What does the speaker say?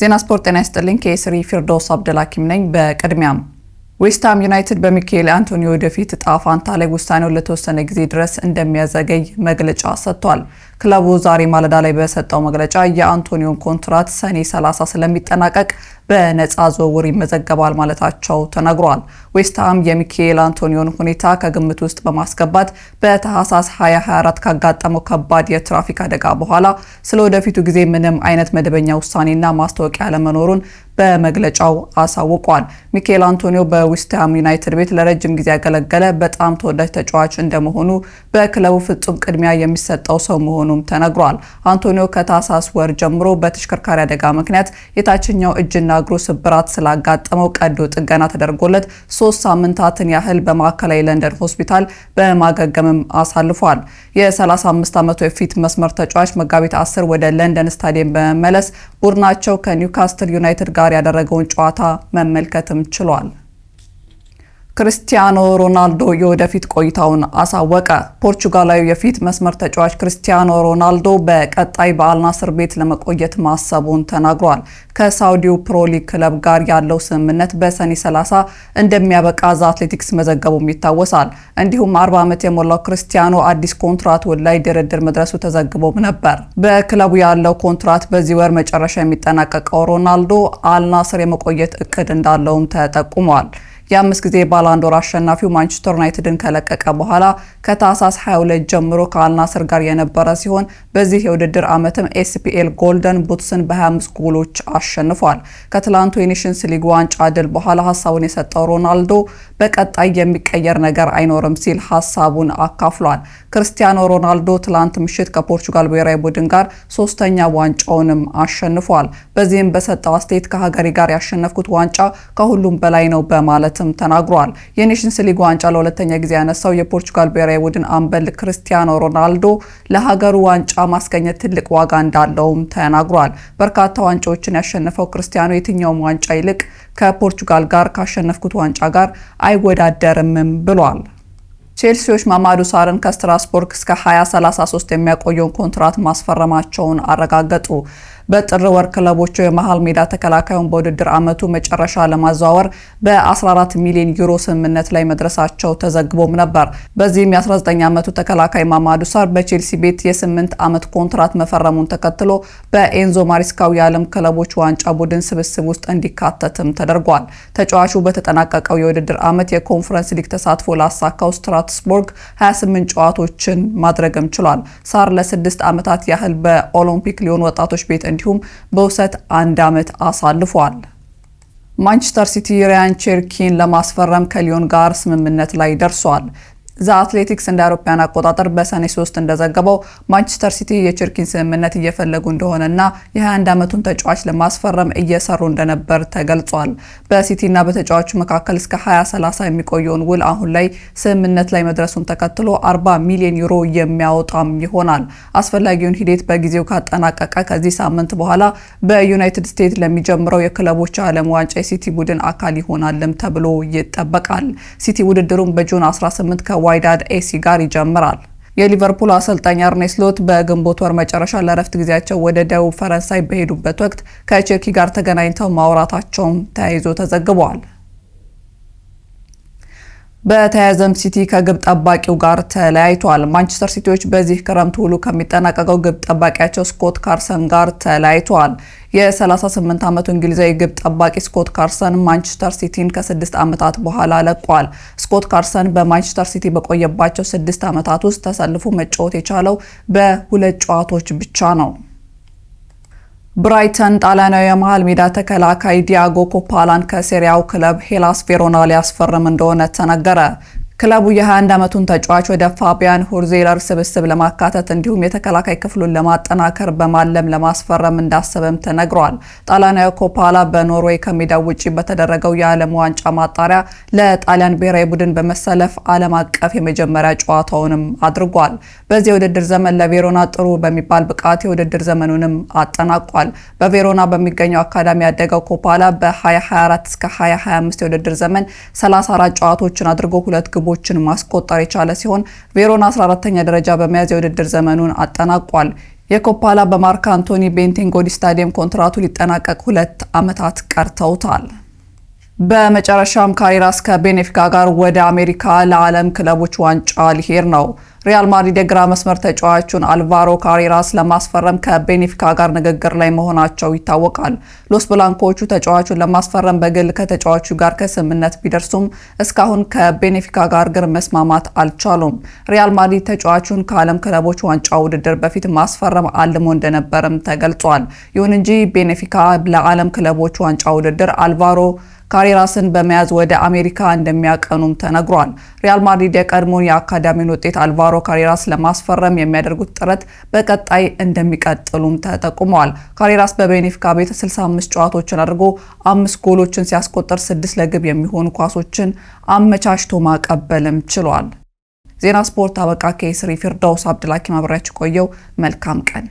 ዜና ስፖርት ጤና ይስጥልኝ። ከኤስሪ ፊርዶስ አብደልሐኪም ነኝ። በቅድሚያም ዌስትሃም ዩናይትድ በሚካኤል አንቶኒዮ ወደፊት እጣ ፋንታ ላይ ውሳኔውን ለተወሰነ ጊዜ ድረስ እንደሚያዘገይ መግለጫ ሰጥቷል። ክለቡ ዛሬ ማለዳ ላይ በሰጠው መግለጫ የአንቶኒዮን ኮንትራት ሰኔ 30 ስለሚጠናቀቅ በነፃ ዝውውር ይመዘገባል ማለታቸው ተነግሯል። ዌስትሃም የሚካኤል አንቶኒዮን ሁኔታ ከግምት ውስጥ በማስገባት በታህሳስ 2024 ካጋጠመው ከባድ የትራፊክ አደጋ በኋላ ስለ ወደፊቱ ጊዜ ምንም አይነት መደበኛ ውሳኔና ማስታወቂያ ለመኖሩን በመግለጫው አሳውቋል። ሚካኤል አንቶኒዮ በዌስትሃም ዩናይትድ ቤት ለረጅም ጊዜ ያገለገለ በጣም ተወዳጅ ተጫዋች እንደመሆኑ በክለቡ ፍጹም ቅድሚያ የሚሰጠው ሰው መሆኑ መሆኑም ተነግሯል። አንቶኒዮ ከታህሳስ ወር ጀምሮ በተሽከርካሪ አደጋ ምክንያት የታችኛው እጅና እግሩ ስብራት ስላጋጠመው ቀዶ ጥገና ተደርጎለት ሶስት ሳምንታትን ያህል በማዕከላዊ ለንደን ሆስፒታል በማገገምም አሳልፏል። የ35 ዓመቱ የፊት መስመር ተጫዋች መጋቢት 10 ወደ ለንደን ስታዲየም በመመለስ ቡድናቸው ከኒውካስትል ዩናይትድ ጋር ያደረገውን ጨዋታ መመልከትም ችሏል። ክርስቲያኖ ሮናልዶ የወደፊት ቆይታውን አሳወቀ። ፖርቹጋላዊ የፊት መስመር ተጫዋች ክርስቲያኖ ሮናልዶ በቀጣይ በአልናስር ቤት ለመቆየት ማሰቡን ተናግሯል። ከሳውዲው ፕሮሊ ክለብ ጋር ያለው ስምምነት በሰኔ 30 እንደሚያበቃ ዛ አትሌቲክስ መዘገቡም ይታወሳል። እንዲሁም 40 ዓመት የሞላው ክርስቲያኖ አዲስ ኮንትራት ላይ ድርድር መድረሱ ተዘግቦም ነበር። በክለቡ ያለው ኮንትራት በዚህ ወር መጨረሻ የሚጠናቀቀው ሮናልዶ አልናስር የመቆየት እቅድ እንዳለውም ተጠቁሟል። የአምስት ጊዜ ባላንዶር አሸናፊው ማንቸስተር ዩናይትድን ከለቀቀ በኋላ ከታህሳስ 22 ጀምሮ ከአልናስር ጋር የነበረ ሲሆን በዚህ የውድድር ዓመትም ኤስፒኤል ጎልደን ቡትስን በ25 ጎሎች አሸንፏል። ከትላንቱ የኔሽንስ ሊግ ዋንጫ ድል በኋላ ሀሳቡን የሰጠው ሮናልዶ በቀጣይ የሚቀየር ነገር አይኖርም ሲል ሀሳቡን አካፍሏል። ክርስቲያኖ ሮናልዶ ትላንት ምሽት ከፖርቹጋል ብሔራዊ ቡድን ጋር ሶስተኛ ዋንጫውንም አሸንፏል። በዚህም በሰጠው አስተያየት ከሀገሬ ጋር ያሸነፍኩት ዋንጫ ከሁሉም በላይ ነው በማለት በማለትም ተናግሯል። የኔሽንስ ሊግ ዋንጫ ለሁለተኛ ጊዜ ያነሳው የፖርቹጋል ብሔራዊ ቡድን አምበል ክርስቲያኖ ሮናልዶ ለሀገሩ ዋንጫ ማስገኘት ትልቅ ዋጋ እንዳለውም ተናግሯል። በርካታ ዋንጫዎችን ያሸነፈው ክርስቲያኖ የትኛውም ዋንጫ ይልቅ ከፖርቹጋል ጋር ካሸነፍኩት ዋንጫ ጋር አይወዳደርምም ብሏል። ቼልሲዎች ማማዱ ሳርን ከስትራስቡርግ እስከ 2033 የሚያቆየውን ኮንትራት ማስፈረማቸውን አረጋገጡ። በጥር ወር ክለቦቹ የመሃል ሜዳ ተከላካዩን በውድድር ዓመቱ መጨረሻ ለማዘዋወር በ14 ሚሊዮን ዩሮ ስምምነት ላይ መድረሳቸው ተዘግቦም ነበር። በዚህም የ19 ዓመቱ ተከላካይ ማማዱ ሳር በቼልሲ ቤት የ8 ዓመት ኮንትራት መፈረሙን ተከትሎ በኤንዞ ማሪስካው የዓለም ክለቦች ዋንጫ ቡድን ስብስብ ውስጥ እንዲካተትም ተደርጓል። ተጫዋቹ በተጠናቀቀው የውድድር ዓመት የኮንፈረንስ ሊግ ተሳትፎ ላሳካው ስትራስቡርግ 28 ጨዋቶችን ማድረግም ችሏል። ሳር ለስድስት ዓመታት ያህል በኦሎምፒክ ሊዮን ወጣቶች ቤት እንዲሁም በውሰት አንድ ዓመት አሳልፏል። ማንቸስተር ሲቲ ራያን ቸርኪን ለማስፈረም ከሊዮን ጋር ስምምነት ላይ ደርሷል። ዘአትሌቲክስ አትሌቲክስ እንደ አውሮፓውያን አቆጣጠር በሰኔ 3 እንደዘገበው ማንቸስተር ሲቲ የችርኪን ስምምነት እየፈለጉ እንደሆነና የ21 ዓመቱን ተጫዋች ለማስፈረም እየሰሩ እንደነበር ተገልጿል። በሲቲና በተጫዋቹ መካከል እስከ 2030 የሚቆየውን ውል አሁን ላይ ስምምነት ላይ መድረሱን ተከትሎ 40 ሚሊዮን ዩሮ የሚያወጣም ይሆናል። አስፈላጊውን ሂደት በጊዜው ካጠናቀቀ ከዚህ ሳምንት በኋላ በዩናይትድ ስቴትስ ለሚጀምረው የክለቦች ዓለም ዋንጫ የሲቲ ቡድን አካል ይሆናልም ተብሎ ይጠበቃል። ሲቲ ውድድሩን በጁን 18 ዋይዳድ ኤሲ ጋር ይጀምራል። የሊቨርፑል አሰልጣኝ አርኔ ስሎት በግንቦት ወር መጨረሻ ለረፍት ጊዜያቸው ወደ ደቡብ ፈረንሳይ በሄዱበት ወቅት ከቼኪ ጋር ተገናኝተው ማውራታቸውም ተያይዞ ተዘግበዋል። በተያያዘም ሲቲ ከግብ ጠባቂው ጋር ተለያይቷል። ማንቸስተር ሲቲዎች በዚህ ክረምት ውሉ ከሚጠናቀቀው ግብ ጠባቂያቸው ስኮት ካርሰን ጋር ተለያይቷል። የ38 ዓመቱ እንግሊዛዊ ግብ ጠባቂ ስኮት ካርሰን ማንቸስተር ሲቲን ከስድስት ዓመታት በኋላ ለቋል። ስኮት ካርሰን በማንቸስተር ሲቲ በቆየባቸው ስድስት ዓመታት ውስጥ ተሰልፎ መጫወት የቻለው በሁለት ጨዋታዎች ብቻ ነው። ብራይተን ጣሊያናዊ የመሃል ሜዳ ተከላካይ ዲያጎ ኮፓላን ከሴሪያው ክለብ ሄላስ ቬሮና ሊያስፈርም እንደሆነ ተነገረ። ክለቡ የ21 ዓመቱን ተጫዋች ወደ ፋቢያን ሁርዜለር ስብስብ ለማካተት እንዲሁም የተከላካይ ክፍሉን ለማጠናከር በማለም ለማስፈረም እንዳሰበም ተነግሯል። ጣሊያናዊ ኮፓላ በኖርዌይ ከሜዳው ውጪ በተደረገው የዓለም ዋንጫ ማጣሪያ ለጣሊያን ብሔራዊ ቡድን በመሰለፍ ዓለም አቀፍ የመጀመሪያ ጨዋታውንም አድርጓል። በዚህ የውድድር ዘመን ለቬሮና ጥሩ በሚባል ብቃት የውድድር ዘመኑንም አጠናቋል። በቬሮና በሚገኘው አካዳሚ ያደገው ኮፓላ በ2024 እስከ 2025 የውድድር ዘመን 34 ጨዋታዎችን አድርጎ ሁለት ግቡ ግቦችን ማስቆጠር የቻለ ሲሆን ቬሮና 14ተኛ ደረጃ በመያዝ የውድድር ዘመኑን አጠናቋል። የኮፓላ በማርክ አንቶኒ ቤንቲንጎዲ ስታዲየም ኮንትራቱ ሊጠናቀቅ ሁለት ዓመታት ቀርተውታል። በመጨረሻም ካሪራስ ከቤኔፊካ ጋር ወደ አሜሪካ ለዓለም ክለቦች ዋንጫ ሊሄድ ነው። ሪያል ማድሪድ የግራ መስመር ተጫዋቹን አልቫሮ ካሬራስ ለማስፈረም ከቤኔፊካ ጋር ንግግር ላይ መሆናቸው ይታወቃል። ሎስ ብላንኮቹ ተጫዋቹን ለማስፈረም በግል ከተጫዋቹ ጋር ከስምምነት ቢደርሱም እስካሁን ከቤኔፊካ ጋር ግን መስማማት አልቻሉም። ሪያል ማድሪድ ተጫዋቹን ከዓለም ክለቦች ዋንጫ ውድድር በፊት ማስፈረም አልሞ እንደነበርም ተገልጿል። ይሁን እንጂ ቤኔፊካ ለዓለም ክለቦች ዋንጫ ውድድር አልቫሮ ካሬራስን በመያዝ ወደ አሜሪካ እንደሚያቀኑም ተነግሯል። ሪያል ማድሪድ የቀድሞውን የአካዳሚውን ውጤት አልቫሮ ካሬራስ ለማስፈረም የሚያደርጉት ጥረት በቀጣይ እንደሚቀጥሉም ተጠቁመዋል። ካሬራስ በቤኔፊካ ቤት 65 ጨዋታዎችን አድርጎ አምስት ጎሎችን ሲያስቆጠር ስድስት ለግብ የሚሆኑ ኳሶችን አመቻችቶ ማቀበልም ችሏል። ዜና ስፖርት አበቃ። ከስሪ ፊርዳውስ አብድላኪ ማብሪያችሁ ቆየው። መልካም ቀን